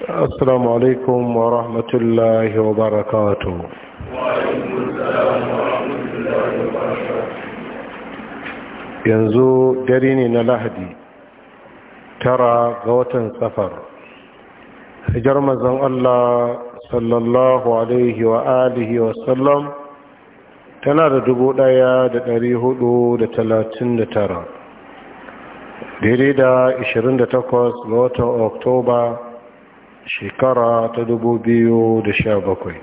السلام عليكم ورحمة الله وبركاته yanzu dare ne na lahadi tara ga watan safar hajjar mazan Allah sallallahu alaihi wa alihi wa sallam tana da dubu ɗaya da dari hudu da talatin da tara dare da 28 ga watan Oktoba. shekara ta dubu biyu da sha bakwai.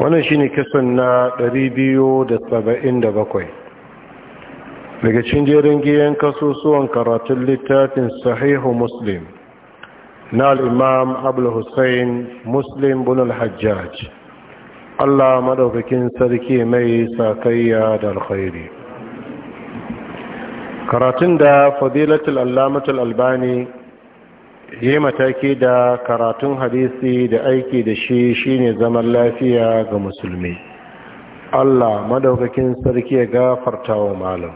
wannan shine kisan na ɗari biyu da saba'in da bakwai. daga cikin jerin giyan kasusuwan karatun littafin sahihu muslim na al'imam abulhussein muslim bin al-hajjaj allah maɗaukakin sarki mai sakayya da alkhairi karatun da fadilatul allamatul albani yi mataki da karatun hadisi da aiki da shi shine zaman lafiya ga musulmi Allah madaukakin sarki ya gafarta wa malam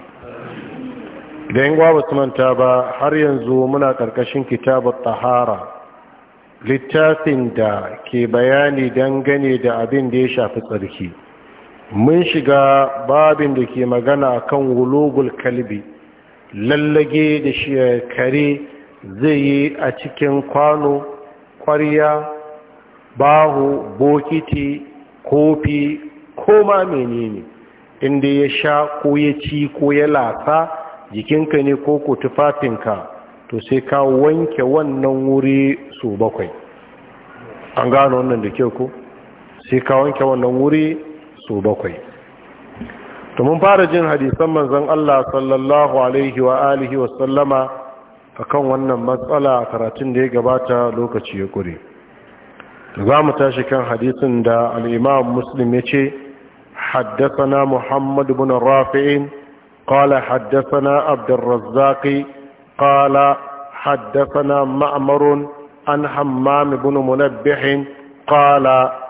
idan gwa su manta ba har yanzu muna karkashin kitabar tahara littafin da ke bayani dangane da abin da ya shafi tsarki mun shiga babin da ke magana kan wulugul kalbi lallage da shi kare zai yi a cikin kwano ƙwarya baho bokiti kofi ko ma ne inda ya sha ko ya ci ko ya latsa jikinka ne ko ku tufafinka to sai ka wanke wannan wuri su bakwai an gano wannan da kyau ko sai ka wanke wannan wuri su bakwai to mun fara jin hadisan manzon Allah sallallahu alaihi wa alihi wa sallama akan wannan matsala a karatun da ya gabata lokaci ya ƙure za mu tashi kan hadisin da al'imam muslim ya ce haddasana muhammad bin rafi'in na haddasana abdurrazzaqi Haddasa na ma'marun an hammam bin munabbihin qala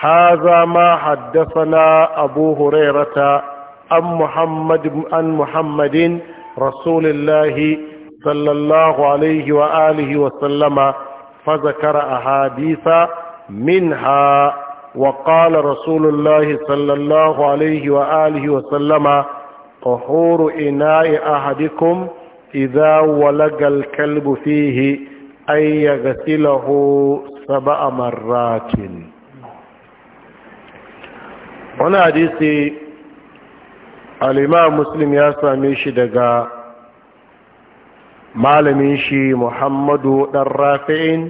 هذا ما حدثنا أبو هريرة عن محمد عن محمد صلى الله عليه وآله وسلم فذكر أحاديث منها وقال رسول الله صلى الله عليه وآله وسلم طهور إناء أحدكم إذا ولق الكلب فيه أن يغسله سبع مرات هنا حديث الإمام مسلم يا سامي شدقاء malamin shi muhammadu ɗan rafi'in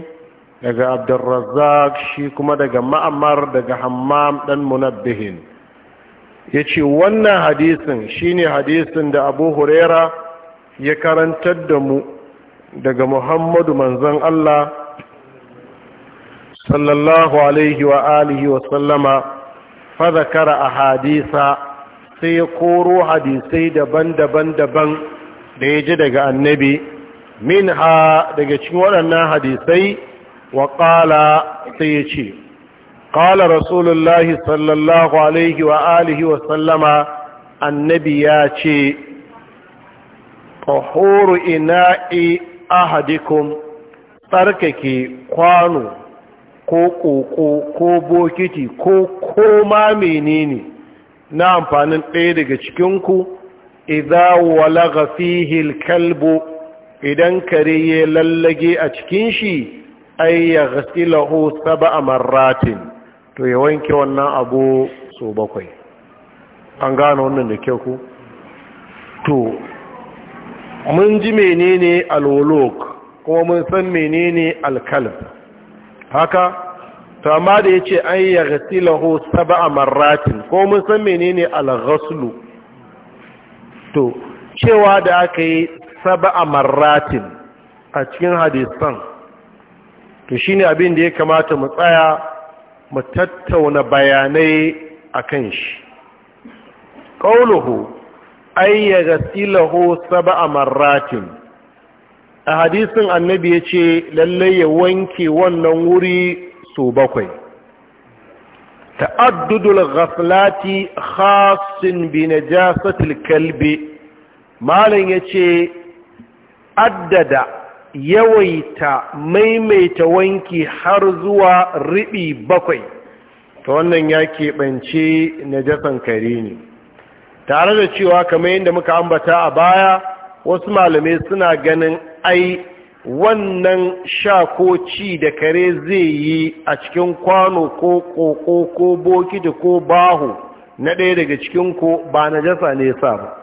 daga abdurrazzak shi kuma daga ma'amar daga hammam ɗan munabbihin ya ce wannan hadisin shine hadisin da abu huraira ya karantar da mu daga muhammadu manzon allah sallallahu alaihi wa alihi wa sallama fadakara a hadisa sai ya koro hadisai daban-daban daban da ya ji daga annabi min ha daga cikin waɗannan hadisai wa ƙala sai ya ce ƙala rasulullahi sallallahu alaihi wa alihi wa sallama annabi ya ce ƙahoro ina'i ahadikum tsarkake kwano ko ƙoƙo ko bokiti ko koma menene na amfanin ɗaya daga cikinku idza walagha fihi alkalb idan kare ya lallage a cikin shi ay yaghsilahu sab'a marratin to ya wanke wannan abu so bakwai an gano wannan da kyau ku to mun ji menene alwuluk kuma mun san menene alkalb haka to amma da yace ay yaghsilahu sab'a marratin ko mun san menene alghaslu to cewa da aka yi a maratin a cikin hadisan to shi ne abin da ya kamata mu tsaya mu tattauna bayanai akan shi Ƙauluhu qauluhu ay yaghsiluhu sab'a maratin a hadisin annabi ce lallai ya wanke wannan wuri su bakwai ta'addudul ghaflati khasin bi najasatil kalbi malam yace addada yawaita maimaita wanki har zuwa ribi bakwai ta wannan ya keɓance najasan kare ni. tare da cewa kamar yadda muka ambata a baya wasu malamai suna ganin ai wannan sha ko ci da kare zai yi a cikin kwano ko koko ko bokiti ko baho na ɗaya daga cikin ko ba na jasa ne sa ba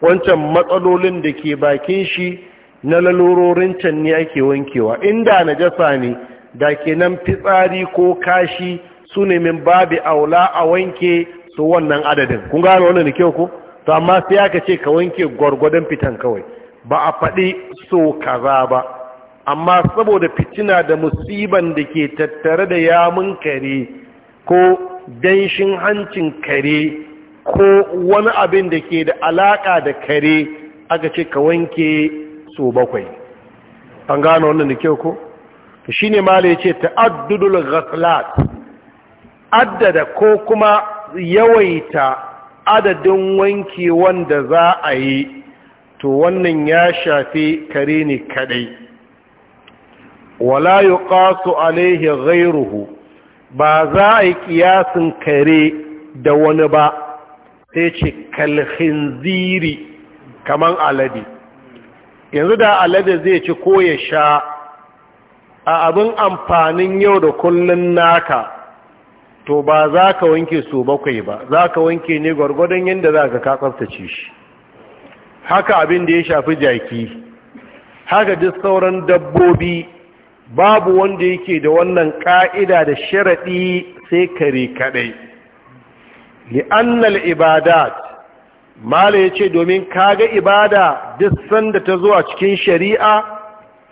wancan matsalolin da ke bakin shi na lalurorin can ne ake wankewa inda na jasa ne da ke nan fitsari ko kashi su ne min babi aula a wanke su wannan adadin kun gano wannan da kyau ko to amma sai aka ce ka wanke gwargwadon fitan kawai ba a faɗi so kaza ba amma saboda fitina da musiban da ke tattare da yamun kare ko danshin hancin kare ko wani abin da ke da alaƙa da kare aka ce ka wanke so bakwai an gano wannan da kyau ko shi ne mala ya ce ta'addudul ghaslat addada ko kuma yawaita adadin wanke wanda za a yi to wannan ya shafi kare ne kadai wala yuqasu alaihi ghayruhu ba za a yi kiyasin kare da wani ba sai ce kalhinziri kaman alade yanzu da alade zai ci ko ya sha a abin amfanin yau da kullun naka to ba za ka wanke su bakwai ba za ka wanke ne gwargwadon yadda za ka ce shi haka abin da ya shafi jaki haka duk sauran dabbobi babu wanda yake da wannan ka'ida da sharaɗi sai kare kaɗai li'annal ibadat mala ya ce domin kaga ibada duk sanda ta zuwa cikin shari'a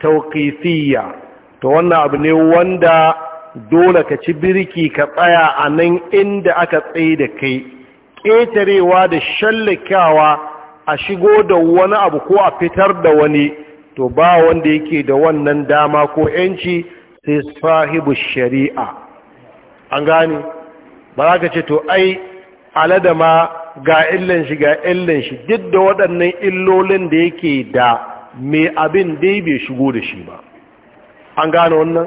tauƙifiyya ta wannan abu ne wanda dole ka ci birki ka tsaya a nan inda aka tsaye da kai ƙetarewa da shallakawa a shigo da wani abu ko a fitar da wani to ba wanda yake da wannan dama ko yanci sai sahibu shari'a an gane ba za ka ce to ai alada ma ga illan shi ga illan shi duk da waɗannan illolin da yake da mai abin dai bai shigo da shi ba an gane wannan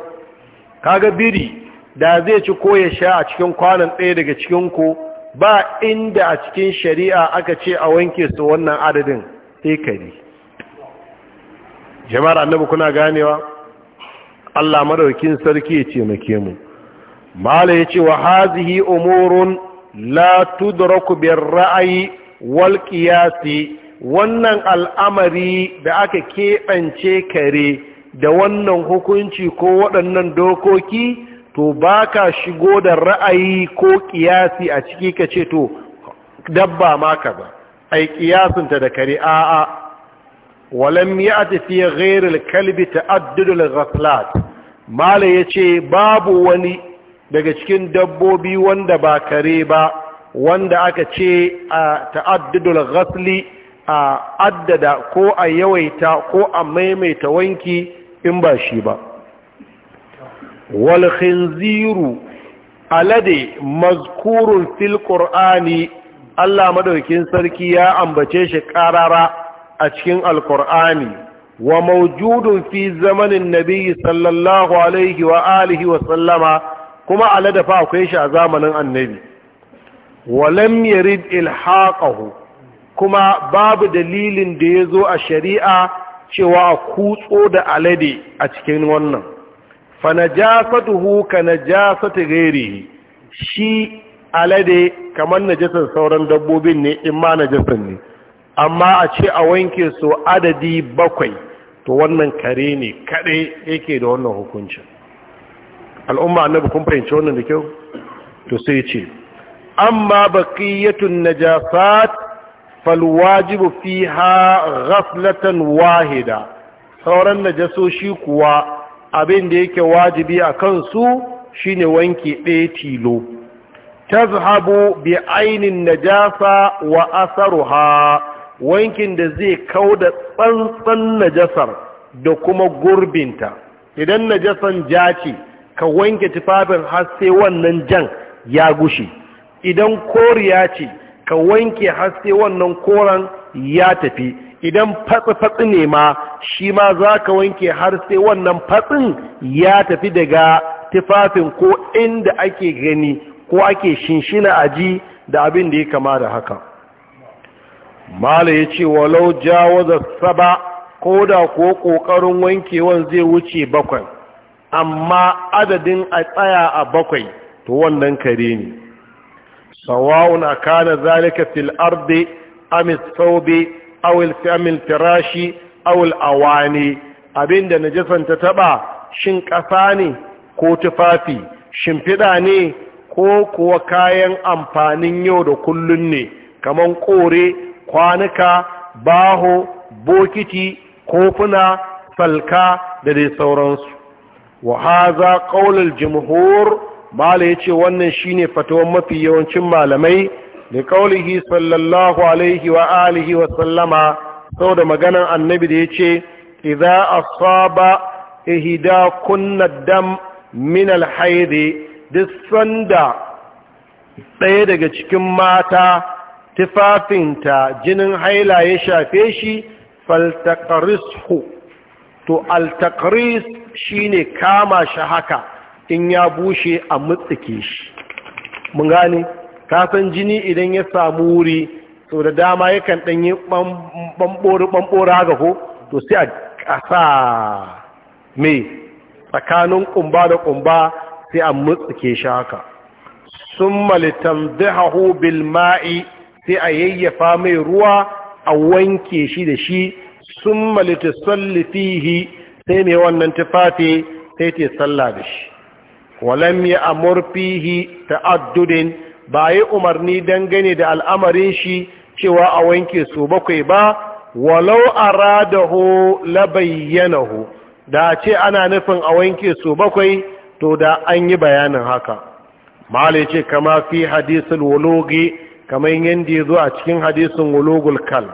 kaga biri da zai ci ko ya sha a cikin kwanan ɗaya daga cikin ko ba inda a cikin shari'a aka ce a wanke su wannan adadin sai kari jama'ar annabi kuna ganewa Allah madaukin sarki ya ce make mu mala yace wa hazihi umurun la tudraku bir ra'yi wal qiyasi wannan al'amari da aka keɓance kare da wannan hukunci ko waɗannan dokoki to ba ka shigo da ra'ayi ko ƙiyasi a ciki ka ce to dabba ma ka ba ai ta da kare a'a walam ya tafi ghairil kalbi ta'addudul ghaflat mala yace babu wani daga cikin dabbobi wanda ba kare ba wanda aka ce a ta'addudul ghasli a addada ko a yawaita ko a maimaita wanki in ba shi ba Walhinziru, alade mazkurun fil Allah madaukin sarki ya ambace shi karara a cikin Alƙur'ani. wa maujudun fi zamanin nabi sallallahu alaihi wa alihi wa sallama kuma alade fa akwai shi a zamanin annabi Walam lam yarid ilhaqahu kuma babu dalilin da ya zo a shari'a cewa kutso da alade a cikin wannan fa najasatuhu غيره شي shi alade kamar najasar sauran dabbobin ne in ma najasar ne amma a ce a wanke su adadi bakwai to wannan kare ne kaɗai yake da wannan hukuncin al'umma annabi kun fahimci wannan da kyau to sai ce amma baqiyatun najasat wajibu fiha ghaflatan wahida sauran najasoshi kuwa abin da yake wajibi a kansu shine wanke ɗaya tilo Ta tazhabu bi ainin najasa wa asaruha wankin da zai kau da tsantsan najasar da kuma gurbinta idan najasan ja ce ka wanke tufafin haske wannan jan ya gushe idan koriya ce ka wanke haske wannan koran ya tafi idan fatsi-fatsi ne ma shi ma za ka wanke har sai wannan fatsin ya tafi daga tufafin ko inda ake gani ko ake shinshina aji da abin da ya kama da haka mala ya ce walau jawaza saba ko da ko ƙoƙarin wankewan zai wuce bakwai amma adadin a tsaya a bakwai to wannan kare ne sawa'una kana zalika fil ardi am thawbi aw am firashi awil awani abinda najasan ta taba shin kasa ne ko tufafi shin fida ne ko kuwa kayan amfanin yau da kullun ne kaman kore kwanuka baho bokiti kofuna salka da dai sauransu wa haza qaulul jumhur mala yace wannan shine fatawan mafi yawancin malamai da kaulihi sallallahu alaihi wa alihi wa sallama sau da maganan annabi da ya ce idza asaba ihda kunna dam min alhaidi duk sanda ɗaya daga cikin mata tufafinta jinin haila ya shafe shi faltaqrisu to altaqris shine kama shi haka in ya bushe a mutsike shi mun kasan jini idan ya samu wuri to da dama yakan ɗan yi bambori haka to sai a ƙasa mai tsakanin ƙumba da ƙumba sai a mutsuke shi haka sun malitan zihahu bilma'i sai a yayyafa mai ruwa a wanke shi da shi sun malita sallifihi sai mai wannan tufafi sai ta salla da shi walam ya amurfihi ta'addudin ba yi umarni dangane da al'amarin shi cewa a wanke su bakwai ba walau aradahu labayyanahu da ce ana nufin a wanke su bakwai to da an yi bayanin haka malai ce kama fi hadisun wologi kamar yadda ya zo a cikin hadisin wologul kal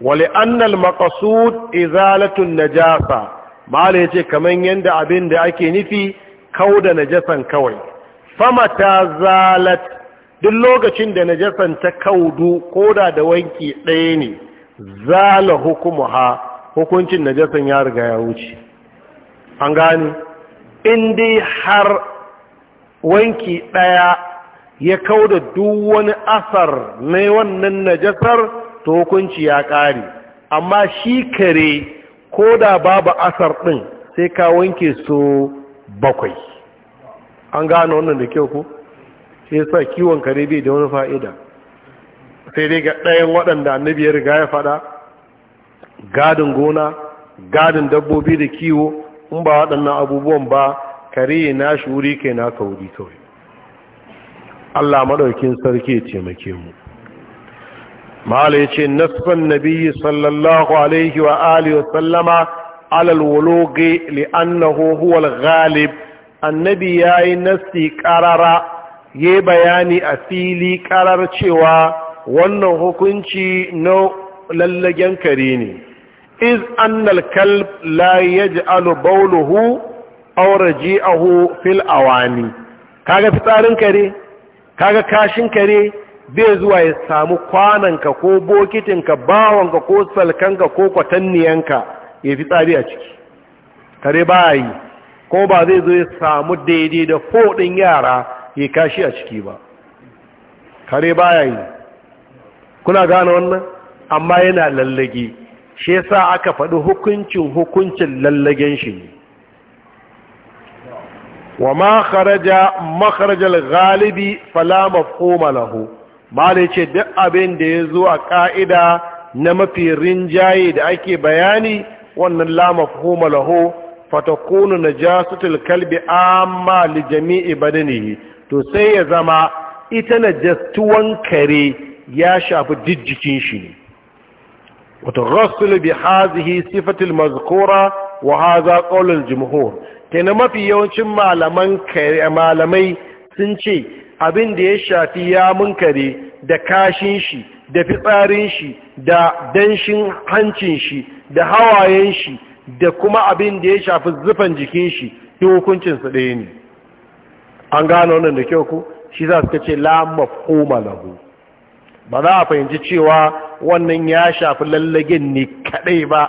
wali annal maqasud izalatun najasa malai ce kamar yadda abin da ake nufi kau da najasan kawai famata zalat duk lokacin da najasan ta kaudu koda da wanki ɗaya ne zala hukumuha hukuncin najasan ya riga ya wuce an gane in har wanki ɗaya ya kauda duk wani asar na wannan najasar to hukunci ya ƙare amma shi kare ko da babu asar ɗin sai ka wanke so bakwai an gano wannan da kyau ku sai yasa kiwon kare bai da wani fa'ida sai dai ga ɗayan waɗanda annabi ya riga ya faɗa gadin gona gadin dabbobi da kiwo in ba waɗannan abubuwan ba kare na shuri kai na sauri kawai Allah maɗaukin sarki ya taimake mu mala ya ce nasfan nabi sallallahu alaihi wa alihi wa sallama alal wulugi li'annahu huwal ghalib annabi yayi nasi qarara yi bayani a fili karar cewa wannan hukunci na lallagen kare ne iz annal kalb la yaj'alu bawluhu aw raji'ahu fil awani kaga fitsarin kare kaga kashin kare bai zuwa ya samu kwananka ko bokitinka bawanka ko salkanka ko kwatanniyanka ya fitsari a ciki kare ba yi ko ba zai zo ya samu daidai da fodin yara yi kashi a ciki ba kare baya yi kuna gane wannan amma yana lallage shi yasa aka faɗi hukuncin hukuncin lallagen shi ne wa ma kharaja makharajal ghalibi fala mafhuma lahu malai ce duk abin da ya zo a ka'ida na mafi rinjaye da ake bayani wannan la mafhuma lahu fatakunu najasatul kalbi amma li jami'i badanihi to sai ya zama ita najastuwan kare ya shafi jijjikin shi ne hazihi بهذه mazkura wa haza qaulul jumhur kana mafi yawancin malaman kare malamai sun ce abin da ya shafi yamun kare da kashin shi da fitsarin shi da danshin hancin shi da hawayen shi da kuma abin da ya shafi zufan jikin shi hukuncin su ɗaya ne an gano wannan da kyau ku shi za su ce la mafhuma lahu ba za a fahimci cewa wannan ya shafi lallagen ne kadai ba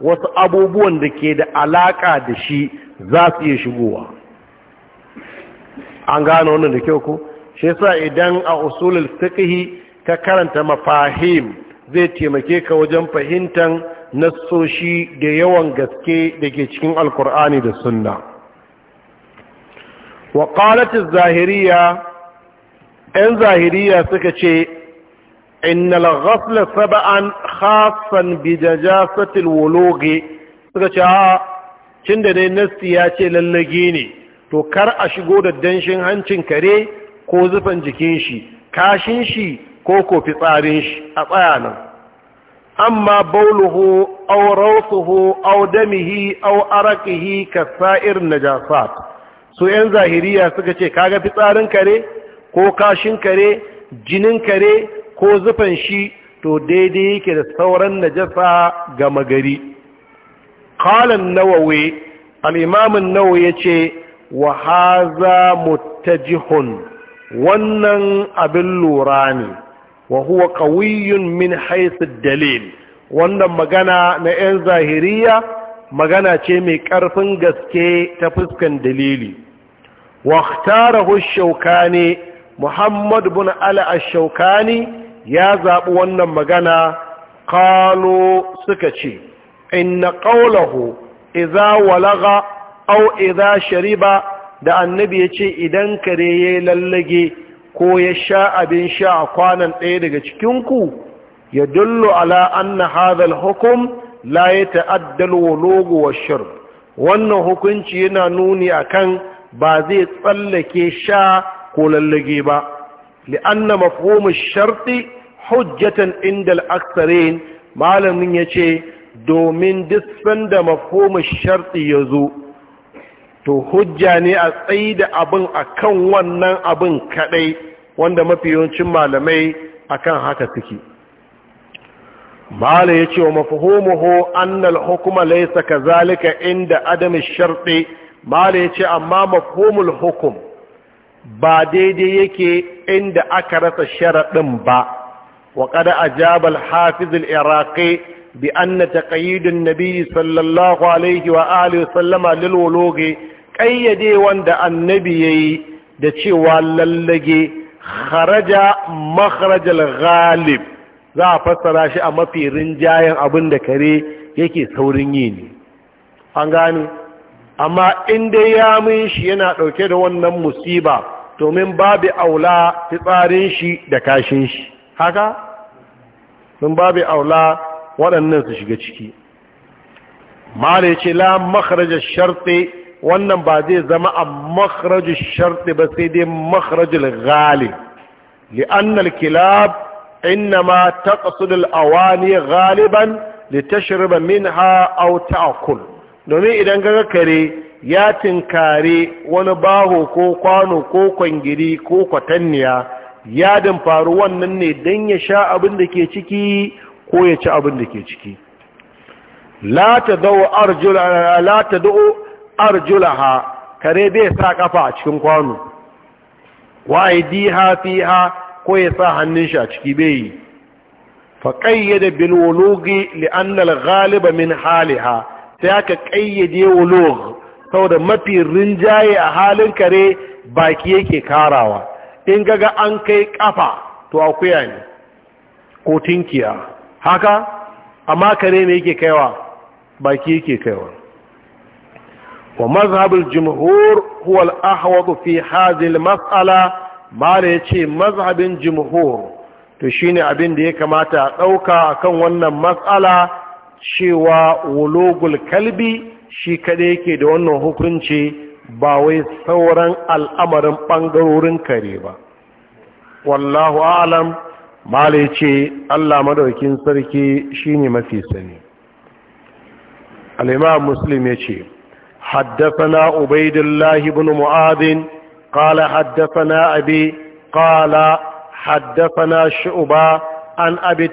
wasu abubuwan da ke da alaka da shi za su iya shigowa an gano wannan da kyau ku shi yasa idan a usulul fiqhi ka karanta mafahim zai taimake ka wajen fahimtar nassoshi da yawan gaske da ke cikin alkur'ani da sunna wa qalatul zahiriya ɗan zahiriya suka ce innal ghasl sab'an khassan bi najasatil wulugi suka ce a cin da dai nasti ya ce lallage ne to kar a shigo da danshin hancin kare ko zufan jikin shi kashin shi ko ko fitsarin shi a tsaya nan amma bauluhu aw rawsuhu aw damihi aw araqihi kasa'ir najasat su yan zahiriya suka ce kaga fitsarin kare ko kashin kare jinin kare ko zufan shi to daidai yake da sauran najasa ga magari qalan nawawi al-imam an-nawawi yace wa hadha muttajihun wannan abin lura ne wa huwa qawiyyun min ad dalil wannan magana na 'yan zahiriya magana ce mai ƙarfin gaske ta fuskan dalili واختاره الشوكاني محمد بن على الشوكاني يا زاب ونن مغانا قالوا سكتشي إن قوله إذا ولغ أو إذا شرب da annabi ya ce idan kare ya lallage ko ya sha abin sha a kwanan ɗaya daga cikinku ya dullo ala anna hadhal hukum la ya ta'addal wa logo wannan hukunci yana nuni akan ba zai tsallake sha ko lallage ba li'anna mafhumu sharti hujjatan indal aksarin malamin ya ce domin duk sanda mafhumu sharti ya zo to hujja ne a tsayi da abin akan wannan abin kadai wanda mafi yawancin malamai akan haka suke malam ya ce wa mafahumuhu annal hukuma laisa kazalika inda adamin sharti. mala ya ce amma mafhumul hukum ba daidai yake inda aka rasa sharaɗin ba wa kada a jabal hafiz iraƙe bi anna taqayyid an-nabi sallallahu alaihi wa alihi sallama lilwologe ƙayyade wanda annabi ya yi da cewa lallage kharaja maharajal ghalib za a fassara shi a mafi rinjayen abin da kare yake saurin yi ne an gane amma in dai yamin shi yana ɗauke da wannan musiba domin babu aula fitsarin shi da kashin shi haka sun babu aula waɗannan su shiga ciki mala ya ce la makarajar sharti wannan ba zai zama a makarajar sharti ba sai dai makarajar gali li'annal kilab innama taqsudul awani ghaliban litashriba minha aw ta'kul domin idan gaga kare ya tinkare wani baho ko kwano ko kwangiri ko kwatanniya ya faru wannan ne don ya sha abin da ke ciki ko ya ci abin da ke ciki la ta da'o arjulaha kare bai sa kafa a cikin kwano waye hafi ha ko ya sa hannun shi a ciki bai yi faƙayyada bilwulugi li'annal galiba min haliha sai aka ƙayyade wulugh saboda mafi rinjaye a halin kare baki yake karawa in gaga an kai ƙafa to akuya ne ko tinkiya haka amma kare ne yake kaiwa baki yake kaiwa wa mazhabul jumhur huwa al-ahwad fi hadhihi al-mas'ala mala yace mazhabin jumhur to shine abin da ya kamata a dauka akan wannan mas'ala cewa wulogul kalbi shi kada yake da wannan hukunci ba wai sauran al'amarin ɓangarorin kare ba wallahu alam mala ce allah madaukin sarki shine mafi sani al'imam muslim ya ce حدثنا عبيد الله kala معاذ قال حدثنا أبي قال حدثنا شعبة عن أبي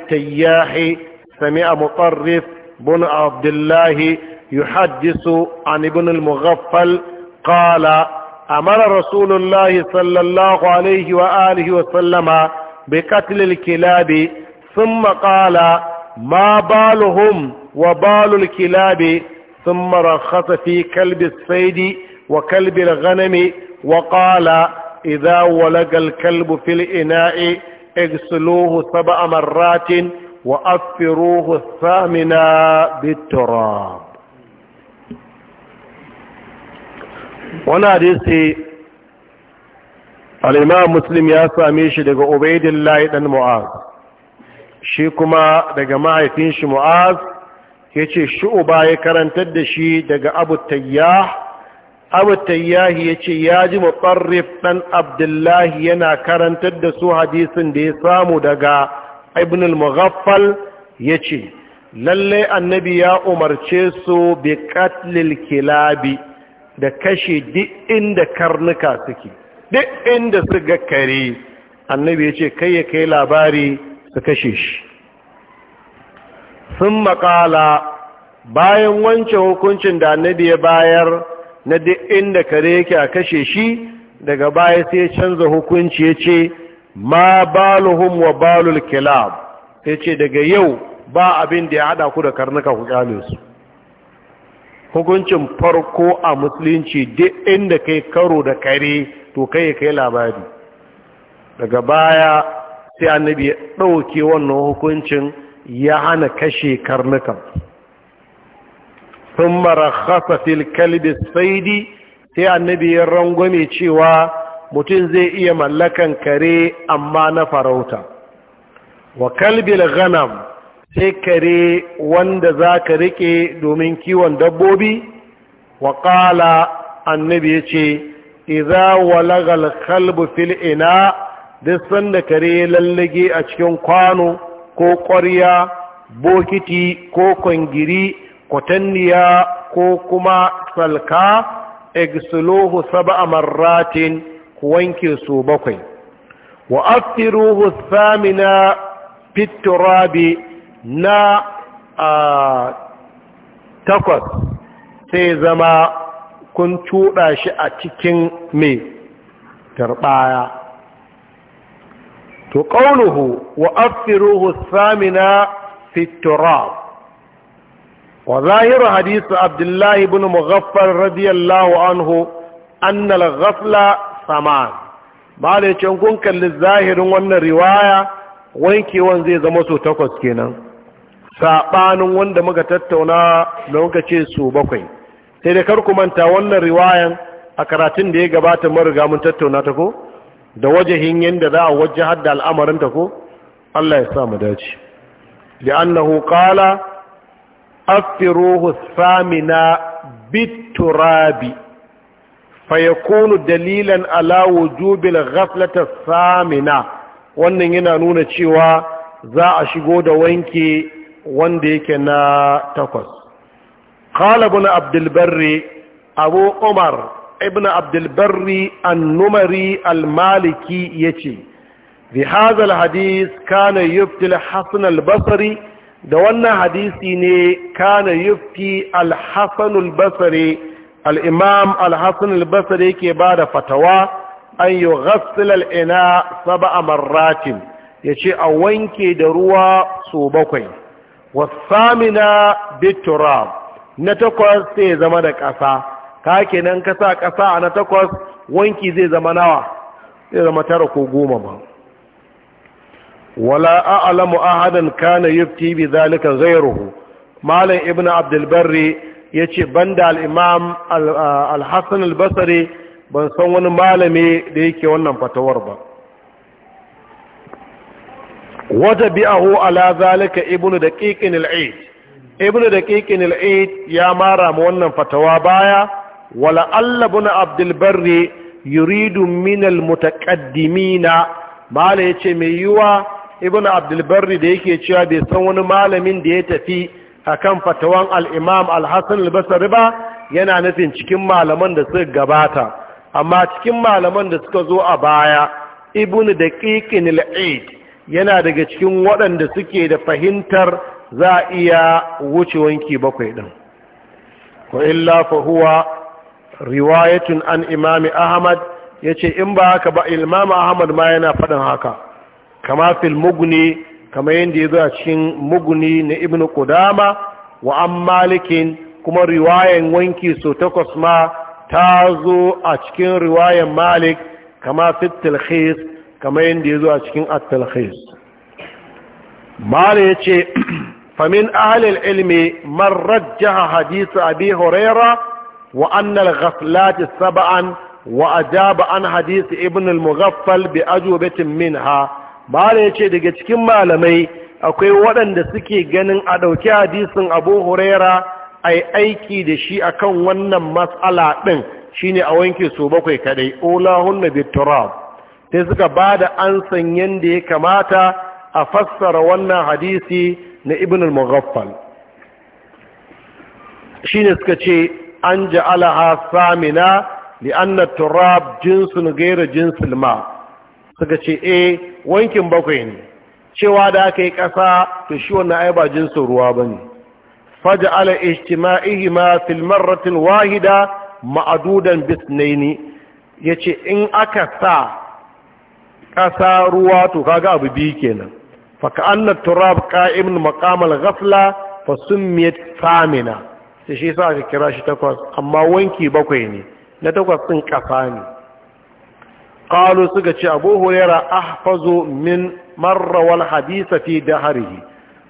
sami a مطرف بن عبد الله يحدث عن ابن المغفل قال أمر رسول الله صلى الله عليه وآله وسلم بقتل الكلاب ثم قال ما بالهم وبال الكلاب ثم رخص في كلب الصيد وكلب الغنم وقال إذا ولق الكلب في الإناء اغسلوه سبع مرات wa afiruhu samina bitura wani hadisi al'imam muslim ya same shi daga ubaidillahi dan mu'az shi kuma daga mahaifinshi shi mu'az ya ce shu'uba ya karantar da shi daga abu tayyah abu ya ce ya ji mutsarrif ɗan abdullahi yana karantar da su hadisin da ya samu daga ibn al-mughaffal yace lalle annabi ya umarce su bi qatlil kilabi da kashe duk inda karnuka suke duk inda su ga kare annabi yace kai ya kai labari su kashe shi sun makala bayan wancan hukuncin da annabi ya bayar na duk inda kare yake a kashe shi daga baya sai canza hukunci yace ce ma baluhum wa balul kilab ya ce daga yau ba abin da ya haɗa ku da karnuka ku kyale su hukuncin farko a musulunci duk inda kai karo da kare to kai kai labari daga baya sai annabi ya ɗauke wannan hukuncin ya hana kashe karnukan sun mara fil kalbi saidi sai annabi ya rangwame cewa mutum zai iya mallakan kare amma na farauta wa kalbil ganam sai kare wanda za ka riƙe domin kiwon dabbobi wa ƙala annabi ya ce iza walagal kalbu fil ina duk sanda kare lallage a cikin kwano ko ƙwarya bokiti ko kwangiri kwatanniya ko kuma salka egisulohu saba marratin wanke su bakwai wa aftiruhu thamina fiturabi na a takwas sai zama kun cuɗa shi a cikin mai tarbaya to ƙaunuhu wa aftiruhu thamina fiturab wa zahiru hadisu abdullahi bin mughaffar radiyallahu anhu أن ghafla saman can kun kalli zahirin wannan riwaya wankewan zai zama so takwas kenan saɓanin wanda muka tattauna da muka ce su bakwai sai da kar ku manta wannan riwayan a karatun da ya gabata mariga mun tattauna ta ko da wajahin yadda za a wajen hadda al'amarin ta ko Allah ya sa mu dace li'annahu qala afiruhu samina biturabi fayakunu dalilan ala wujubil ghaflata samina wannan yana nuna cewa za a shigo da wanke wanda yake na takwas qala ibn abdul barri abu umar ibn abdul barri an-numari al-maliki yace bi hadha al-hadith kana yufti al-hasan al-basri da wannan hadisi ne kana yufti al-hasan al-basri al'imam al-hassan al-basar yake ba da fatawa an yi ghassilar ina saba a marratin ya ce a wanke da ruwa so bakwai wasamina biturab na takwas sai zama da ƙasa kake nan kasa ƙasa a na takwas wanki zai zama nawa zai zama tara ko goma ba wala a'lamu ahadan kana yufti bi zalika ghayruhu malam ibnu abdul barri ya ce banda al'imam al-hassan al ban san wani malami da yake wannan fatawar ba wata bi'ahu ala zalika ibnu da ƙiƙin al'id ibnu da ƙiƙin al'id ya mara ma wannan fatawa baya wala allabun abdulbarri yuridu minal mutaƙaddimina mala ya ce mai yiwa ibnu abdulbarri da yake cewa bai san wani malamin da ya tafi akan fatawan al-imam al al-basri ba yana nufin cikin malaman da suka gabata amma cikin malaman da suka zo a baya ibnu daqiqin al-aid yana daga cikin waɗanda suke da fahimtar za iya wuce wanki bakwai ɗin. ko illa fa riwayatun an imami ahmad yace in ba haka ba imam ahmad ma yana faɗin haka kama fil mugni kamar yadda ya zo a cikin muguni na ibn Kudama wa an malikin kuma riwayan wanki so takwas ma ta zo a cikin riwayan malik kama fit talhis kamar yadda ya zo a cikin at-talhis malik ya ce famin ahalil ilmi man rajjaha hadisu abi huraira wa annal ghaslati sab'an wa ajaba an hadisi ibn al-mughaffal bi ajubatin minha ba da ya ce daga cikin malamai akwai waɗanda suke ganin a ɗauki hadisin abu huraira a yi aiki da shi a kan wannan matsala ɗin shi ne a wanke su bakwai kaɗai olahun na bitturab sai suka ba da an san yadda ya kamata a fassara wannan hadisi na ibn al-mughaffal shi ne suka ce an ja'alaha samina li'anna turab jinsun gaira jinsul ma' suka ce e wankin bakwai ne cewa da aka yi ƙasa to shi wannan ai ba jinsin ruwa ba ne Faja ala ma fil marratin wahida ma'adudan bisnaini yace in aka sa ƙasa ruwa to kaga abu biyu kenan fa ka'anna turab qa'imun maqamal ghafla fa summiyat famina sai shi sa aka kira shi takwas amma wanki bakwai ne na takwas din ƙasa ne qalu suka ce abu huraira ahfazu min marra wal da fi dahrihi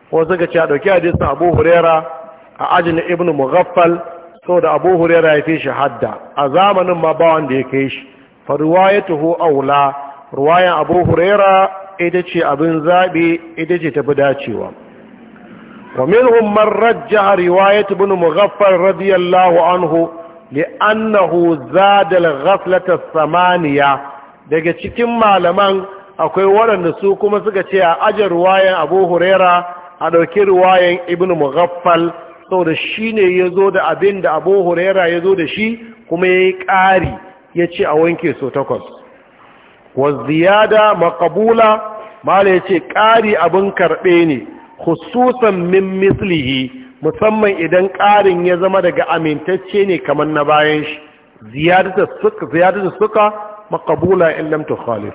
ko suka ce a dauki hadisin abu huraira a ajin ibnu mughaffal saboda abu huraira ya fi shi hadda a zamanin ma ba wanda ya kai shi fa riwayatuhu aula riwayan abu huraira ita ce abin zabi ita ce tafi dacewa ومنهم من رجح رواية ابن anhu, رضي الله عنه لأنه زاد الغفلة الثمانية daga cikin malaman akwai waɗanda su kuma suka ce a aje ruwayen abu huraira a ɗauki ruwayen ibn mughaffal da shi ne ya zo da abin da abu huraira ya zo da shi kuma ya yi ƙari ya ce a wanke so takwas waziyada makabula mala ya ce ƙari abin karɓe ne khususan min mislihi musamman idan ƙarin ya zama daga amintacce ne kamar na bayan shi ziyadata suka مقبولة إن لم تخالف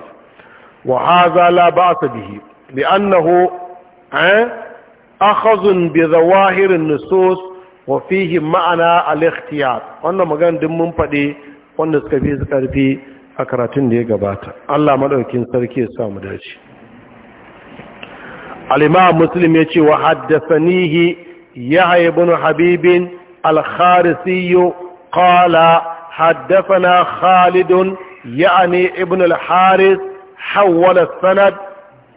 وهذا لا بأس به لأنه أخذ بظواهر النصوص وفيه معنى الاختيار وأنا مغان دمم فدي wanda suka fi suka rufe a karatun da ya gabata Allah maɗaukin sarki ya samu dace alima muslim ya ce wa haddasanihi ya habibin alharisiyo kala na khalidun يعني ابن الحارث حول السند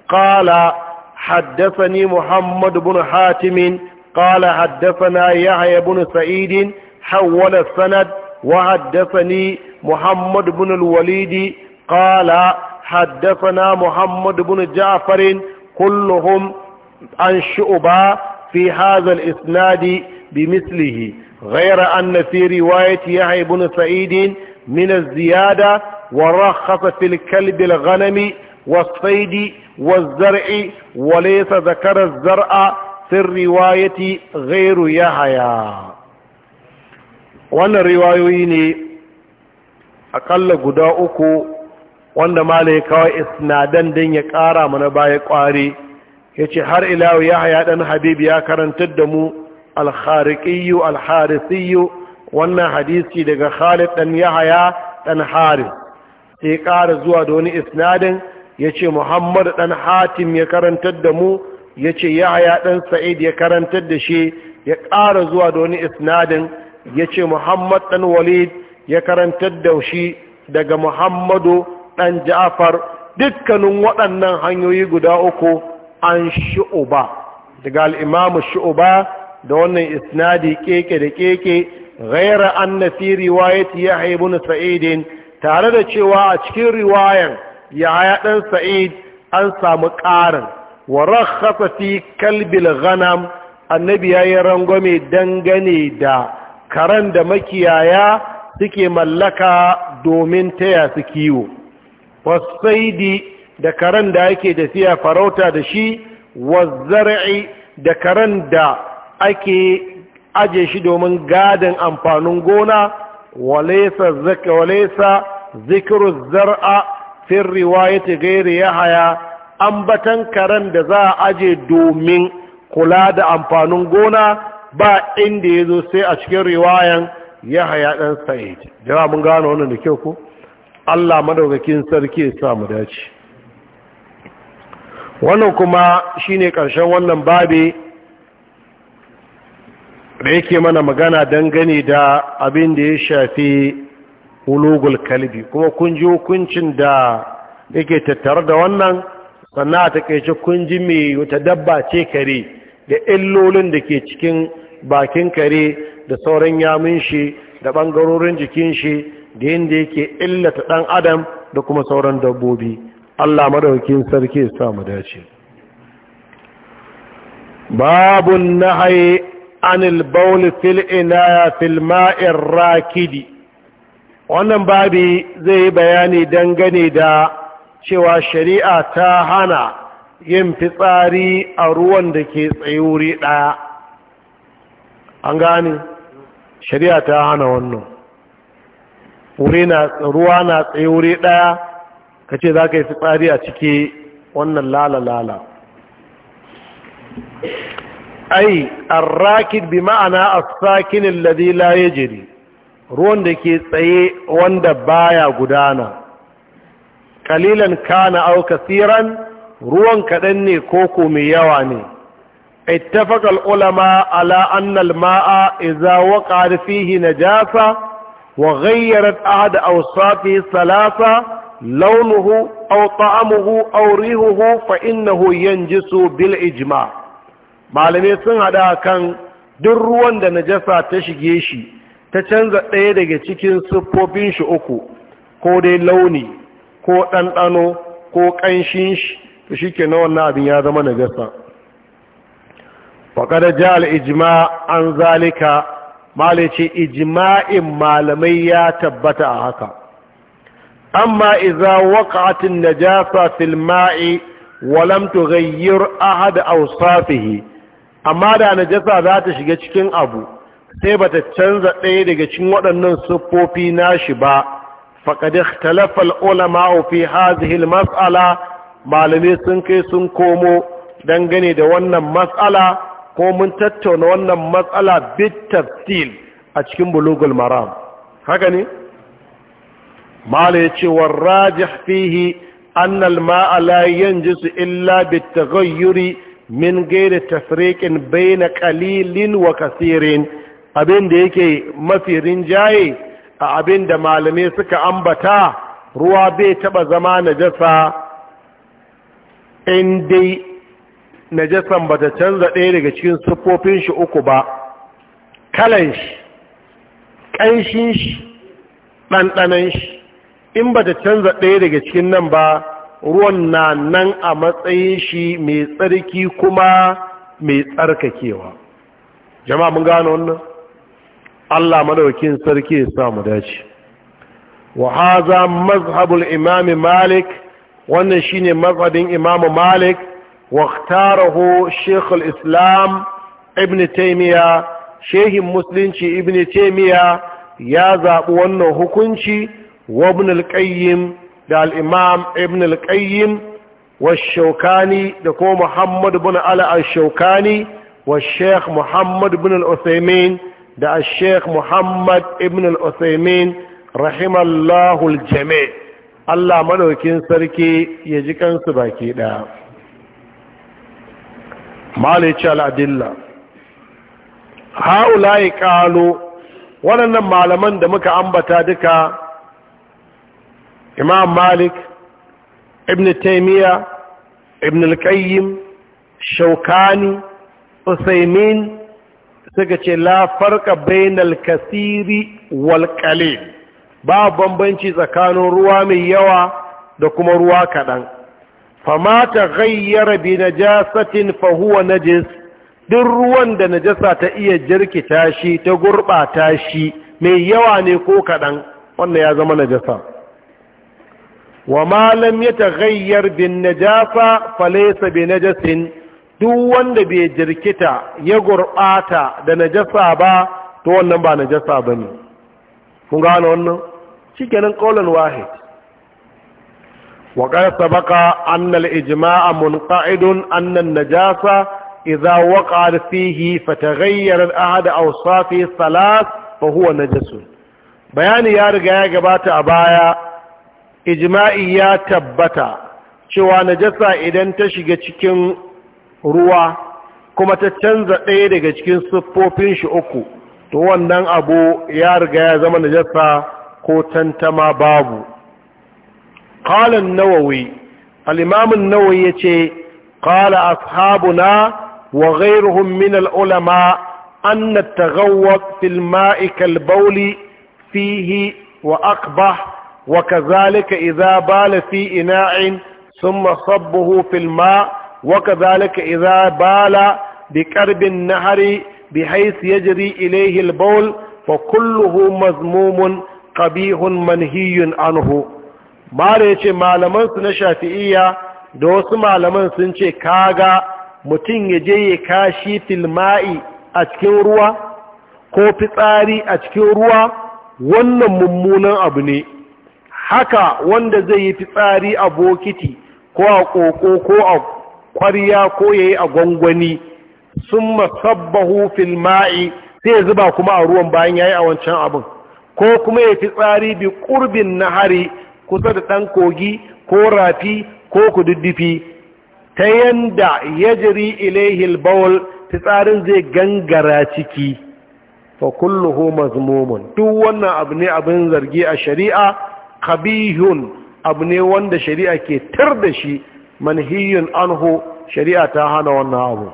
قال حدثني محمد بن حاتم قال حدثنا يحيى بن سعيد حول السند وحدثني محمد بن الوليد قال حدثنا محمد بن جعفر كلهم عن شعبة في هذا الإسناد بمثله غير أن في رواية يحيى بن سعيد من الزيادة ورخص في الكلب الغنم والصيد والزرع وليس ذكر الزرع في الرواية غير يحيى wannan riwayoyi ne akalla guda uku wanda mala ya kawo isnadan don ya kara mana baya ƙwari. ya ce har ilawo ya haya ɗan habib ya karantar da mu alharikiyu alharisiyu wannan hadisi daga khalid ɗan ya haya ɗan haris sai ƙara zuwa da wani isnadin ya ce muhammadu ɗan hatim ya karantar da mu ya ce yahaya ɗan sa'id ya karantar da shi ya ƙara zuwa da wani isnadin ya ce muhammad ɗan walid ya karantar da shi daga muhammadu ɗan ja'afar dukkanin waɗannan hanyoyi guda uku an shu'uba daga al'imamu shu'uba da wannan isnadi keke da keke ghaira an na fi ya yahya ibn sa'idin tare da cewa a cikin riwayan yahaya ɗan sa'id an samu ƙarin wa rakhasa fi kalbil ghanam annabi yayi rangwame dangane da karan da makiyaya suke mallaka domin taya su kiwo wasaidi da karen da ake tafiya farauta da shi wazzar'i da karen da ake aje shi domin gadin amfanin gona walaisa zikiru zar'a fin riwayati gairi ya haya ambatan karen da za a aje domin kula da amfanin gona ba inda ya zo sai a cikin riwayan ya haya ɗan sa'id jira mun gano wannan da kyau ko allah madaukakin sarki ya mu dace wannan kuma shine ƙarshen wannan babi da yake mana magana don gani da abin da ya shafi hulugul kalbi kuma kun ji hukuncin da yake tattare da wannan sannan a takaice kun ji mai wata dabba ce kare da illolin da ke cikin bakin kare da sauran yamin shi da ɓangarorin jikin shi da yadda yake illata ɗan adam da kuma sauran dabbobi allah madaukin sarki ya samu dace babun nahayi. عن البول في الإناء في الماء الراكد wannan babi zai yi bayani dangane da cewa shari'a ta hana yin fitsari a ruwan da ke tsayuri ɗaya an gane shari'a ta hana wannan ruwa na tsayuri ɗaya ka ce za ka yi fitsari a ciki wannan lalalala. أي الراكد بمعنى الساكن الذي لا يجري روان دكي سي واند بايا قدانا قليلا كان أو كثيرا روان كدني كوكو ميواني اتفق العلماء على أن الماء إذا وقع فيه نجاسة وغيرت أحد أوصافه ثلاثة لونه أو طعمه أو ريحه فإنه ينجس بالاجماع malamai sun hada kan duk ruwan da najasa ta shige shi ta canza ɗaya daga cikin siffofin shi uku ko dai launi ko ɗanɗano ko ƙanshin shi ta shi ke na wannan abin ya zama najasa da jihar ijima an zalika malice ijima'in malamai ya tabbata a haka amma iza waƙatin najasa filma'i walam tughayyir ahad awsafihi amma da najasa za ta shiga cikin abu sai ba ta canza ɗaya daga cikin waɗannan siffofi nashi ba faƙaɗi talafal ulama fi hazihil mas'ala malamai sun kai sun komo dangane da wannan mas'ala ko mun tattauna wannan matsala bit a cikin bulugul maram haka ne mala ya ce warrajih fihi annal ma'a yin yanjisu illa bit yuri. min gaida tafriqin baina qalilin wa kasirin abin da yake mafi rinjaye a abin da malamai suka ambata ruwa bai taba zama najasa in dai ba ta canza ɗaya daga cikin siffofin shi uku ba kalan shi ƙanshin shi ɗanɗanan shi in ba ta canza ɗaya daga cikin nan ba ruwan na nan a matsayin shi mai tsarki kuma mai tsarkakewa jama'a mun gano wannan Allah madaukin sarki ya samu dace wa haza mazhabul imam malik wannan shine mazhabin imam malik wa ikhtarahu sheikh al-islam ibn taymiya shehin musulunci ibn taymiya ya zabi wannan hukunci wa ibn al-qayyim da al'imam ibn al-qayyim wa shaukani da ko muhammad bin ala al-shaukani wa sheikh muhammad bin al da al-sheikh muhammad ibn al-uthaymin rahimallahu Allah madaukin sarki ya ji kansu baki ɗaya malice al'adilla ha'ula'i ƙalo waɗannan malaman da muka ambata duka imam malik ibn taimiyya ibn al-qayyim shaukani usaimin suka ce la farka bainal kasiri wal qalil ba bambanci tsakanin ruwa mai yawa da kuma ruwa kaɗan fama ta ghayyara bi najasatin fa huwa najis duk ruwan da najasa ta iya jirkita shi ta gurbata shi mai yawa ne ko kaɗan wannan ya zama najasa wa malam ya taghayyar bin najasa falaysa bi najasin duk wanda bai jirkita ya gurɓata da najasa ba to wannan ba najasa bane kun gano wannan shikenan qaulan wahid wa qad sabaqa anna al-ijma'a munqa'idun anna an-najasa idha waqa'a fihi fataghayyara ahad awsafi thalath fa huwa najasun bayani ya riga ya gabata a baya ijma'i ya tabbata cewa najasa idan ta shiga cikin ruwa kuma ta canza ɗaya daga cikin siffofin shi uku to wannan abu ya riga ya zama najasa ko tantama babu qalan nawawi al-imam an-nawawi yace qala ashabuna wa ghayruhum min al-ulama an at-taghawwaq fil ma'i kal-bawli fihi wa aqbah Wakazalika kazalika idza bala fi ina'in thumma sabbahu bala bi qarbin nahri bihayth yajri ilayhi al bawl fa kulluhu mazmumun qabihun manhiyun anhu mare yace malamansu na shafi'iyya da wasu malaman sun ce kaga mutum ya je ya kashi filma'i a cikin ruwa ko fitsari a cikin ruwa wannan mummunan abu ne haka wanda zai yi fitsari a bokiti ko a ƙoƙo ko a ƙwariya ko ya yi a gwangwani sun masabbahu fil ma'i sai ya zuba kuma a ruwan bayan ya yi a wancan abin ko kuma ya fi tsari bi ƙurbin hari kusa da ɗan kogi ko rafi ko kududdufi ta yanda ya jiri ilaihil bawul fitsarin zai gangara ciki fa kulluhu mazmumun duk wannan abu ne abin zargi a shari'a kabihun abu ne wanda shari'a ke tar da shi manhiyun anhu shari'a ta hana wannan abu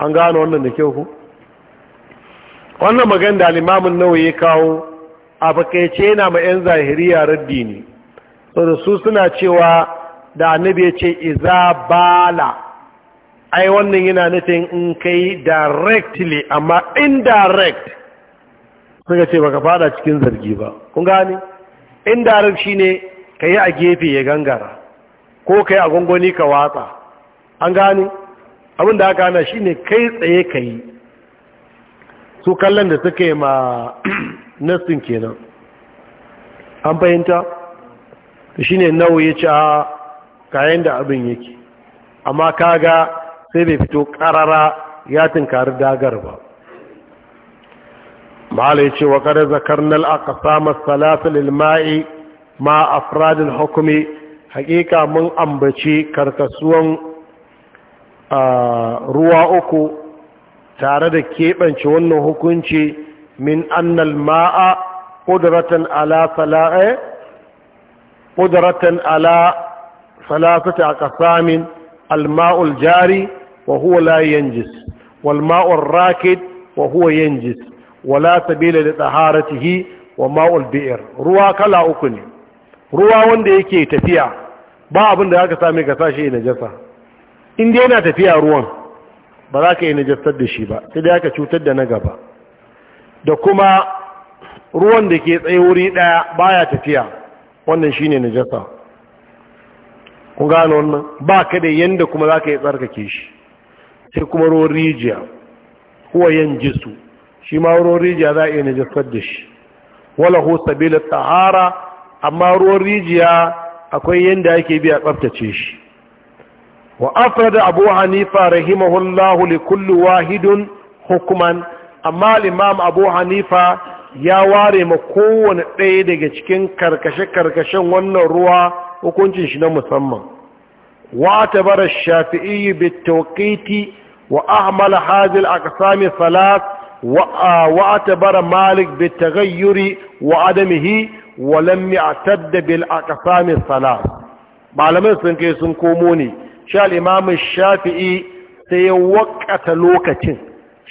an gano wannan da kyau ku wannan magan da limamin nawa ya kawo a fakaice yana ma 'yan zahiriya raddi ne su suna cewa da annabi ya ce iza bala ai wannan yana nufin in kai directly amma indirect suka ce baka fada cikin zargi ba kun gane shi ne ka yi a gefe ya gangara ko ka yi a gwangwani ka watsa an gani abin da aka hana ne kai tsaye ka yi su kallon da suka yi ma nassin kenan an fahimta shine nawa ya ci a kayan da abin yake amma kaga sai bai fito karara ya tunkari dagar ba malai ce wa kada zakarnal aka salasa lil ma'i ma afradil hukumi hakika mun ambaci karkasuwan ruwa uku tare da keɓance wannan hukunci min annal ma'a ƙudratan ala ƙudratan eh, ala salasata a ƙasamin alma'ul jari wa huwa la yanjis wal rakid wa huwa wala sabila da taharatihi wa ma'ul bi'r ruwa kala uku ne ruwa wanda yake tafiya ba abin da zaka same ka sashi na jasa in dai yana tafiya ruwan ba za ka yi najasar da shi ba sai dai aka cutar da na gaba da kuma ruwan da ke tsaye wuri daya baya tafiya wannan shine najasa kun gano wannan ba ka da yanda kuma za ka yi tsarkake shi sai kuma ruwan rijiya huwa yan jisu shi ma ruwan rijiya za a iya najasar da shi wala hu sabila tsahara amma ruwan rijiya akwai yadda ake biya tsaftace shi wa da abu hanifa rahimahullahu li kulli wahidun hukuman amma limam abu hanifa ya ware ma kowane ɗaya daga cikin karkashe-karkashen wannan ruwa hukuncin shi na musamman wa ta bar shafi'i bi tawqiti wa ahmal hadhihi al-aqsam thalath واعتبر مالك بالتغير وعدمه ولم يعتد بالاقسام الثلاث malamai sun kai sun komo ne sha limamin shafi'i sai ya wakata lokacin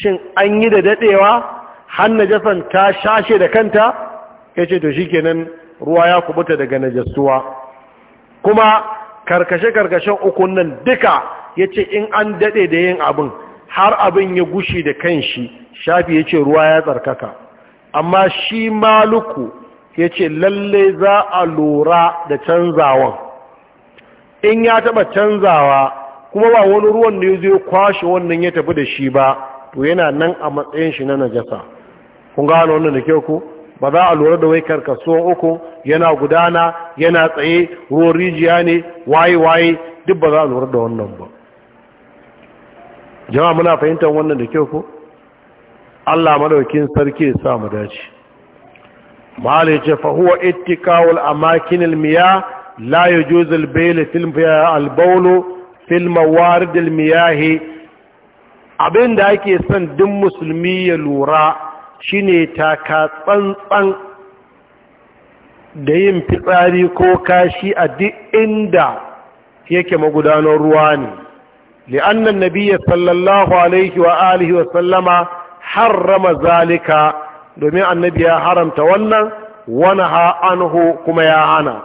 shin an yi da dadewa har najasan ta shashe da kanta ya ce to shikenan ruwa ya kubuta daga najasuwa kuma karkashe-karkashen ukun nan duka ya ce in an dade da yin abin har abin ya gushi da kanshi shafi ya ce ruwa ya tsarkaka amma shi maluku ya ce lalle za a lura da canzawan in ya taba canzawa kuma ba wani ruwan da ya zai kwashe wannan ya tafi da shi ba to yana nan a matsayin shi na najasa kun gano wannan da kyau ku ba za a lura da wai karkasuwan uku yana gudana yana tsaye ruwan rijiya ne waye waye duk ba za a lura da wannan ba jama muna fahimtar wannan da kyau ko Allah madaukin sarki ya sa mu dace malai ce fa huwa ittikawul amakin almiya la yujuz albayl fil albawl fil mawarid almiyah abinda ake son duk musulmi ya lura shine taka tsantsan da yin fitsari ko kashi a duk inda yake magudanar ruwa ne لأن النبي صلى الله عليه وآله وسلم حرم ذلك دمي النبي حرم تولى ونهى عنه كما يهانا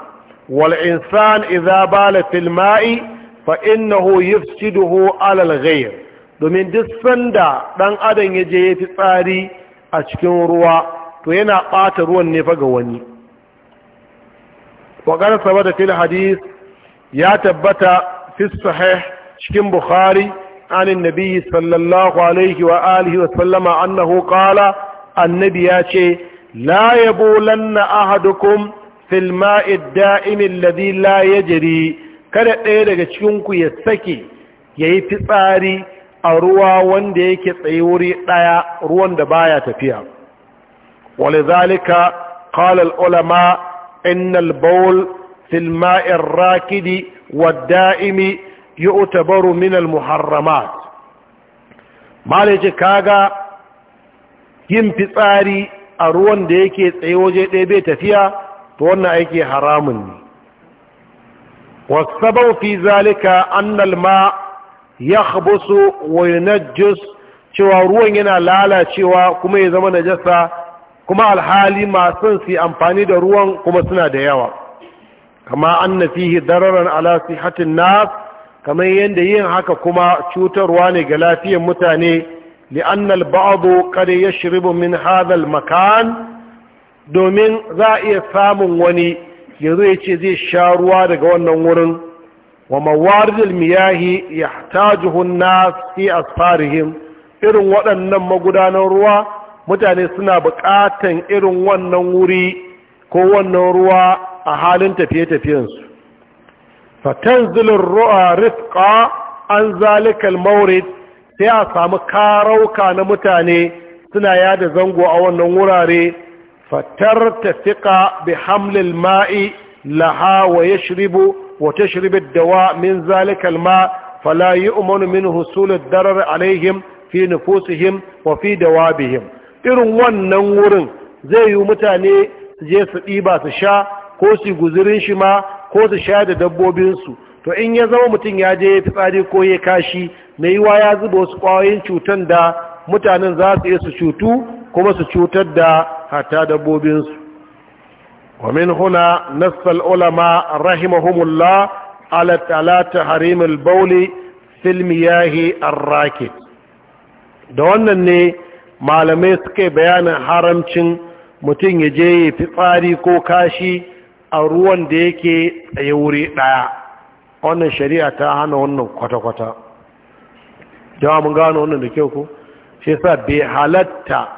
والإنسان إذا بال في الماء فإنه يفسده على الغير domin duk sanda ɗan adam ya je ya fi tsari a cikin ruwa to yana ɓata ruwan ne fa ga wani waƙar saba da ya tabbata fi cikin bukhari anin nabi sallallahu alaihi wa alihi wa sallama annahu qala annabi ya ce la yabulanna ahadukum fil ma'i da'im alladhi la yajri kada ɗaya daga cikin ku ya sake yayi fitsari a ruwa wanda yake tsaye wuri ɗaya ruwan da baya tafiya ولذلك قال ulama, innal البول Filma'in Rakidi الراكد والدائم yu'tabaru min al-muharramat malaje kaga yin fitsari a ruwan da yake tsaye waje ɗaya bai tafiya to wannan aiki haramun ne wasabau fi zalika annal ma yakhbusu wa yunajjis cewa ruwan yana lalacewa kuma ya zama najasa kuma alhali masu su amfani da ruwan kuma suna da yawa kama anna fihi dararan ala sihatin nas kamar yadda yin haka kuma cutarwa ne ga lafiyar mutane li'annal ba'adu kada ya shiribu min hadal makan domin za a iya samun wani yanzu ya ce zai sha ruwa daga wannan wurin wa mawarzil miyahi ya tajuhun na fi asfarihim irin waɗannan magudanar ruwa mutane suna buƙatan irin wannan wuri ko wannan ruwa a halin tafiye-tafiyensu fatanzilin ru'a rifqa an zalikal maurid sai a samu karauka na mutane suna yada zango a wannan wurare fatar tafiƙa bi hamlil ma'i laha wa yashribu wa tashribu dawa min zalikal ma fala yu'minu min husulid darar alaihim fi nufusihim wa fi dawabihim irin wannan wurin zai yi mutane su je su ɗiba su sha ko su guzirin shi ma ko su sha da dabbobinsu to in ya zama mutum ya je ya fitsari ko ya kashi mai yiwa ya zuba wasu ƙwayoyin cutar da mutanen za su yi su cutu kuma su cutar da hatta dabbobinsu ومن هنا نص العلماء رحمهم الله على bauli filmi البول في المياه الراكد da wannan ne malamai suka bayanin haramcin mutum ya je fitsari ko kashi a ruwan da yake tsaye wuri ɗaya wannan shari'a ta hana wannan kwata-kwata jama mun gano wannan da kyau ko shi sa bai halatta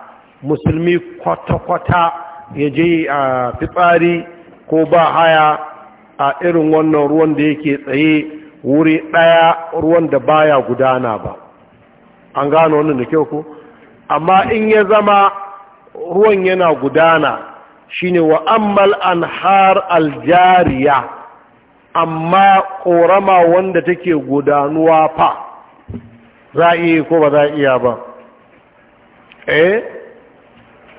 musulmi kwata-kwata ya je a fitsari ko ba haya a irin wannan ruwan da yake tsaye wuri ɗaya ruwan da baya gudana ba an gano wannan da kyau ko amma in ya zama ruwan yana gudana shine wa ammal anhar aljariya amma korama wanda take gudanuwa fa za iya ko ba za iya ba eh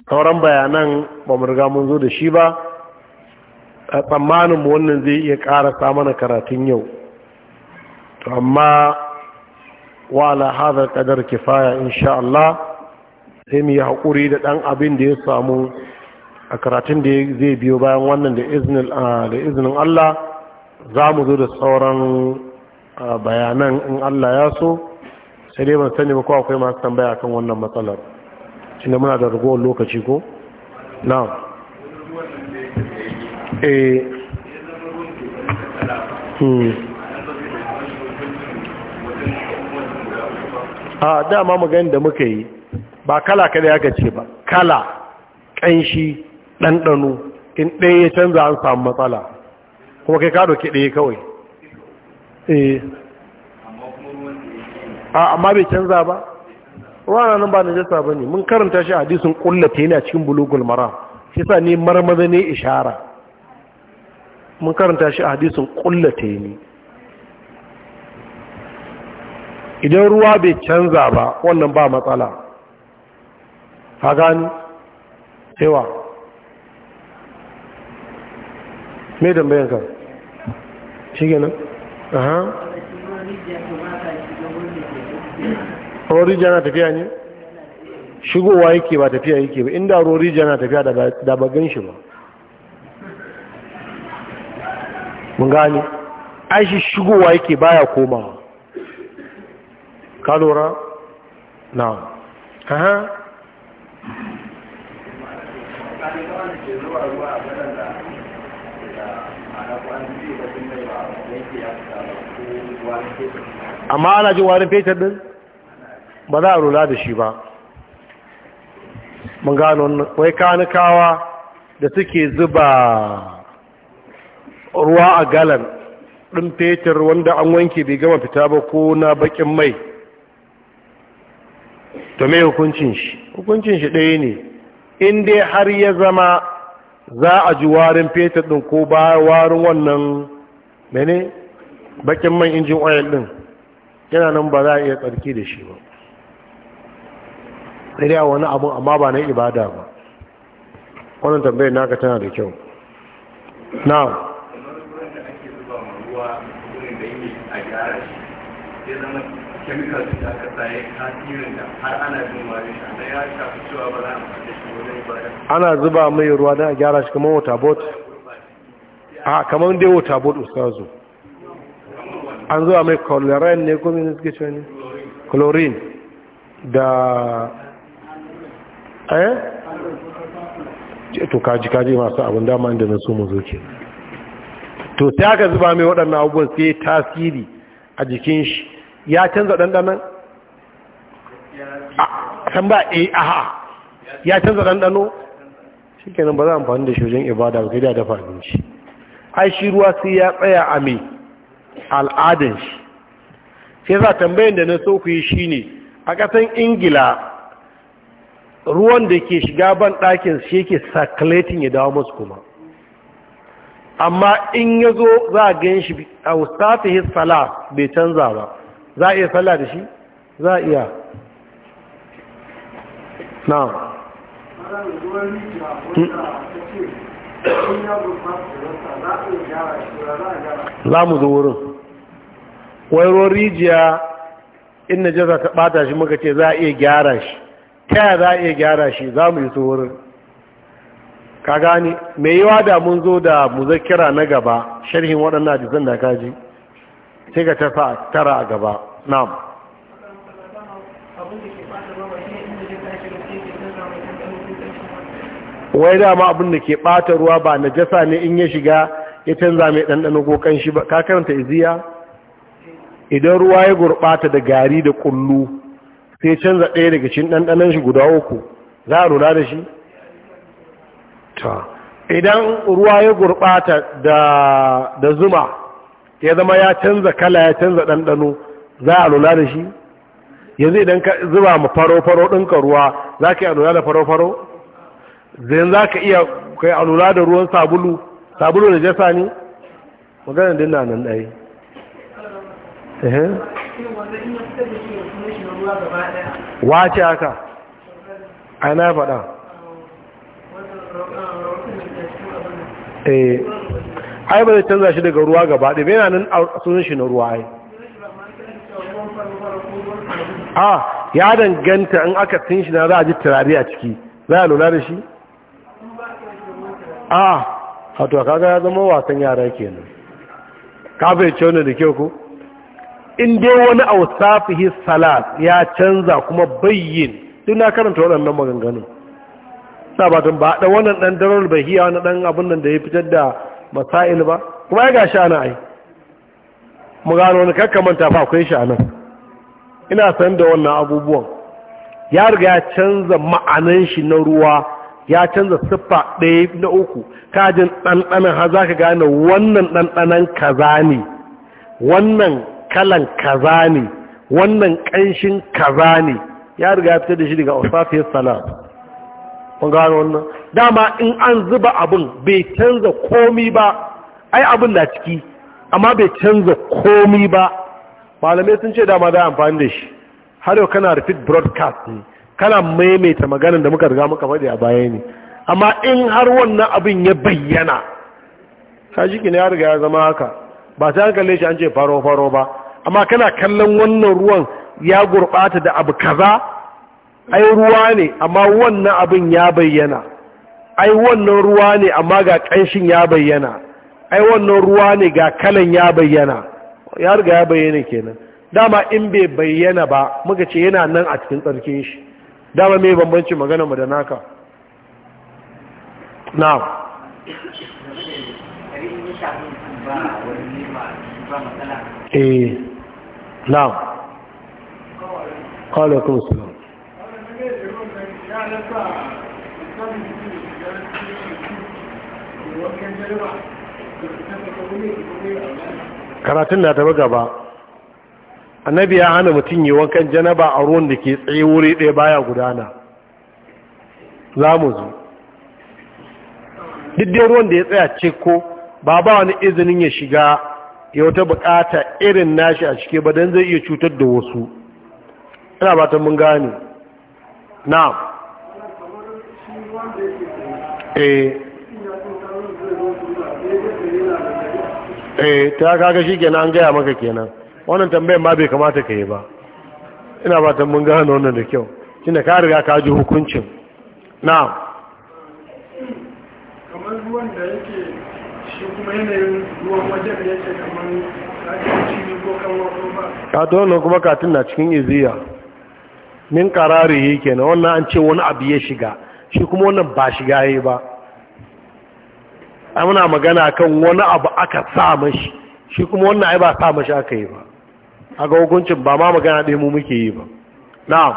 sauran bayanan ba mu riga mun zo da shi ba a tsammaninmu wannan zai iya ƙara mana karatun yau to amma wa ala ƙadar kadar kifaya insha Allah sai mu yi haƙuri da ɗan abin da ya samu a karatun da zai biyo bayan wannan da izinin Allah za mu zo da sauran bayanan in Allah ya so sai dai ban sani ba ko akwai masu tambaya kan wannan matsalar shi muna da ragowar lokaci ko? na eh. hmm. a dama magani da muka yi ba kala kada ya gace ba kala ƙanshi ɗanɗano in ɗaya ya canza an samu matsala kuma kai ka ɗauki ɗaya kawai eh. a amma bai canza ba ruwa nan ba na jasa ba ne mun karanta shi a hadisin kullata yana cikin bulugul mara shi sa ne marmaza ne ishara mun karanta shi a hadisin kullata ne idan ruwa bai canza ba wannan ba matsala ha gani cewa me tambayan ka shi kenan aha ruwan rijiya na tafiya ne shigowa yake ba tafiya yake ba inda ruwan rijiya na tafiya da ba gan shi ba mun gane aishi shigowa yake baya komawa ka lura na aha amma ana jin warin fetur din ba za a rula da shi ba mun gano wai kanikawa da suke zuba ruwa a galan ɗin fetur wanda an wanke bai gama fita ba ko na bakin mai to mai hukuncin shi hukuncin shi ɗaya ne in har ya zama za a ji warin fetur ɗin ko ba warin wannan mene bakin man injin oil din yana nan ba za a iya tsarki da shi ba sai a wani abu amma ba na ibada ba wannan tambayar naka tana da kyau now da har ana ba za shi wajen ana zuba mai ruwa don a gyara shi kamar wata bot a ah, kamar dai wata bot ustazu an zuwa mai chlorine ne ko ne suke cewa ne chlorine da eh to kaji kaji masu abin dama inda na so mu zo ke to sai aka zuba mai waɗannan abubuwan sai tasiri a jikin shi ya canza ɗanɗanon san ba eh, a aha ya canza ɗanɗano shi kenan ba za a amfani da shi wajen ibada ba sai da dafa abinci ai shi ruwa sai ya tsaya a mai al'adan shi sai za tambayin da na so ku yi shi ne a ƙasan ingila ruwan da ke shiga ban ɗakin shi yake circulating ya dawo masu kuma amma in ya zo za a gan shi a wustata his sala bai canza ba za a iya sala da shi za a iya na za mu zo wurin Wairo rijiya in jaza ta bata shi muka ce za a iya gyara shi ta za a iya gyara shi za mu yi su wurin ka gani mai yiwa da mun zo da muzakira na gaba sharhin waɗannan hadisan da kaji sai ka tafa tara a gaba na'am wai dama abin da ke ɓata ruwa ba na jasa ne in ya shiga ya canza mai ɗanɗano ko kan shi ba ka iziya idan ruwa ya gurɓata da gari da kullu sai canza ɗaya daga cikin ɗanɗanon shi guda uku za a lura da shi ta idan ruwa ya gurɓata da zuma ya zama ya canza kala ya canza ɗanɗano za a lura da shi yanzu idan ka zuba ma faro-faro ɗinka ruwa za ka yi a lura da faro-faro zai za ka iya kai a lura da ruwan sabulu sabulu da jasa ne din dinna nan ɗaya wace haka ana faɗa eh ai ba zai canza shi daga ruwa gaba ɗaya bai nan sunan shi na ruwa ai a ah, ya danganta in aka tun shi na za a ji turare a ciki za a lura da shi a hato kaga ya zama wasan yara kenan ka bai ce wani da kyau ko in dai wani awsafihi salat ya canza kuma bayyin duk na karanta waɗannan maganganun sabatun ba da wannan dan darul bahiya wani dan abun nan da ya fitar da masail ba kuma ya gashi ana ai mu wani kakkamanta fa akwai shi ina san da wannan abubuwan ya riga ya canza ma'anan shi na ruwa ya canza siffa ɗaya na uku kajin ɗanɗanan ha za ka gane wannan ɗanɗanan kaza ne wannan kalan kaza ne wannan ƙanshin kaza ne ya riga fitar da shi daga osafiyar ya kun wannan dama in an zuba abin bai canza komi ba ai abin da ciki amma bai canza komi ba malamai sun ce dama da amfani da shi har yau kana rufit broadcast ne kana maimaita maganin da muka riga muka faɗi a baya ne amma in har wannan abin ya bayyana ka ne ya riga ya zama haka ba sai an kalle shi an ce faro faro ba amma kana kallon wannan ruwan ya gurɓata da abu kaza ai ruwa ne amma wannan abin ya bayyana ai wannan ruwa ne amma ga ƙanshin ya bayyana ai wannan ruwa ne ga kalan ya bayyana ya riga ya bayyana kenan dama in bai bayyana ba muka ce yana nan a cikin tsarkin shi dama mai bambanci magana mu da naka Na. eh na. qala alaikum salam karatun na tabi gaba annabi ya hana mutum yi wankan janaba a ruwan da ke tsaye wuri ɗaya baya gudana za mu zo diddin ruwan da ya tsaya ce ko ba ba wani izinin ya shiga ya wata bukata irin nashi a cike ba don zai iya cutar da wasu ina ba ta mun gane na eh. eh ta kaga shi kenan an gaya maka kenan wannan tambayar ma bai kamata ka yi ba ina ba ta mun gane wannan da kyau shi da ka riga ka ji hukuncin na kamar ruwan da yake shi kuma yanayin ruwan wajen da yake kamar katin ko kan ba kato wannan kuma katin na cikin iziya min karari yi kenan wannan an ce wani abu ya shiga shi kuma wannan ba shiga yi ba muna magana kan wani abu aka sa mashi shi kuma wannan ai ba sa mashi aka yi ba a ga hukuncin ba ma magana ɗaya mu muke yi ba na'am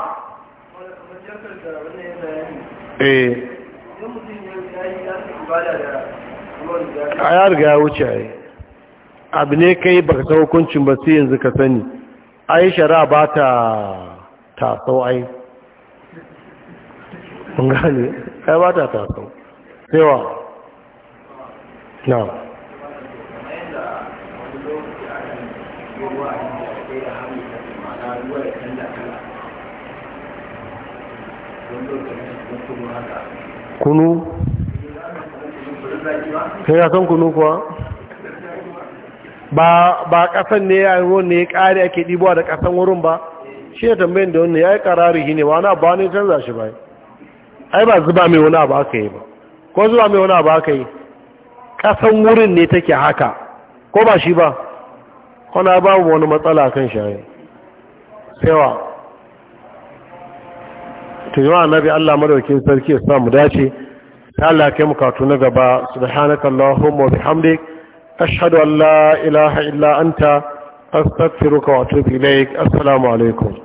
eh a ya riga ya wuce ai abu ne kai ka san hukuncin ba sai yanzu ka sani ai shara ba ta tasau ai mun gane ai ba ta tasau sai wa na'am kunu sai ya san kunu kuwa ba kasan ne ya yi wani ya kare ake ɗibuwa da kasan wurin ba shi ya tambayin da wani ya yi shi ne wani abu ne canza shi bai ai ba zuba mai wani abu aka yi ba ko zuba mai wani abu aka yi kasan wurin ne take haka ko ba shi ba kwana babu wani matsala kan shayi sai wa to Nabi annabi Allah madaukin sarki ya samu dace ta Allah kai mu katu na gaba subhanaka allahumma bihamdik ashhadu an la ilaha illa anta astaghfiruka wa atubu ilaik assalamu alaikum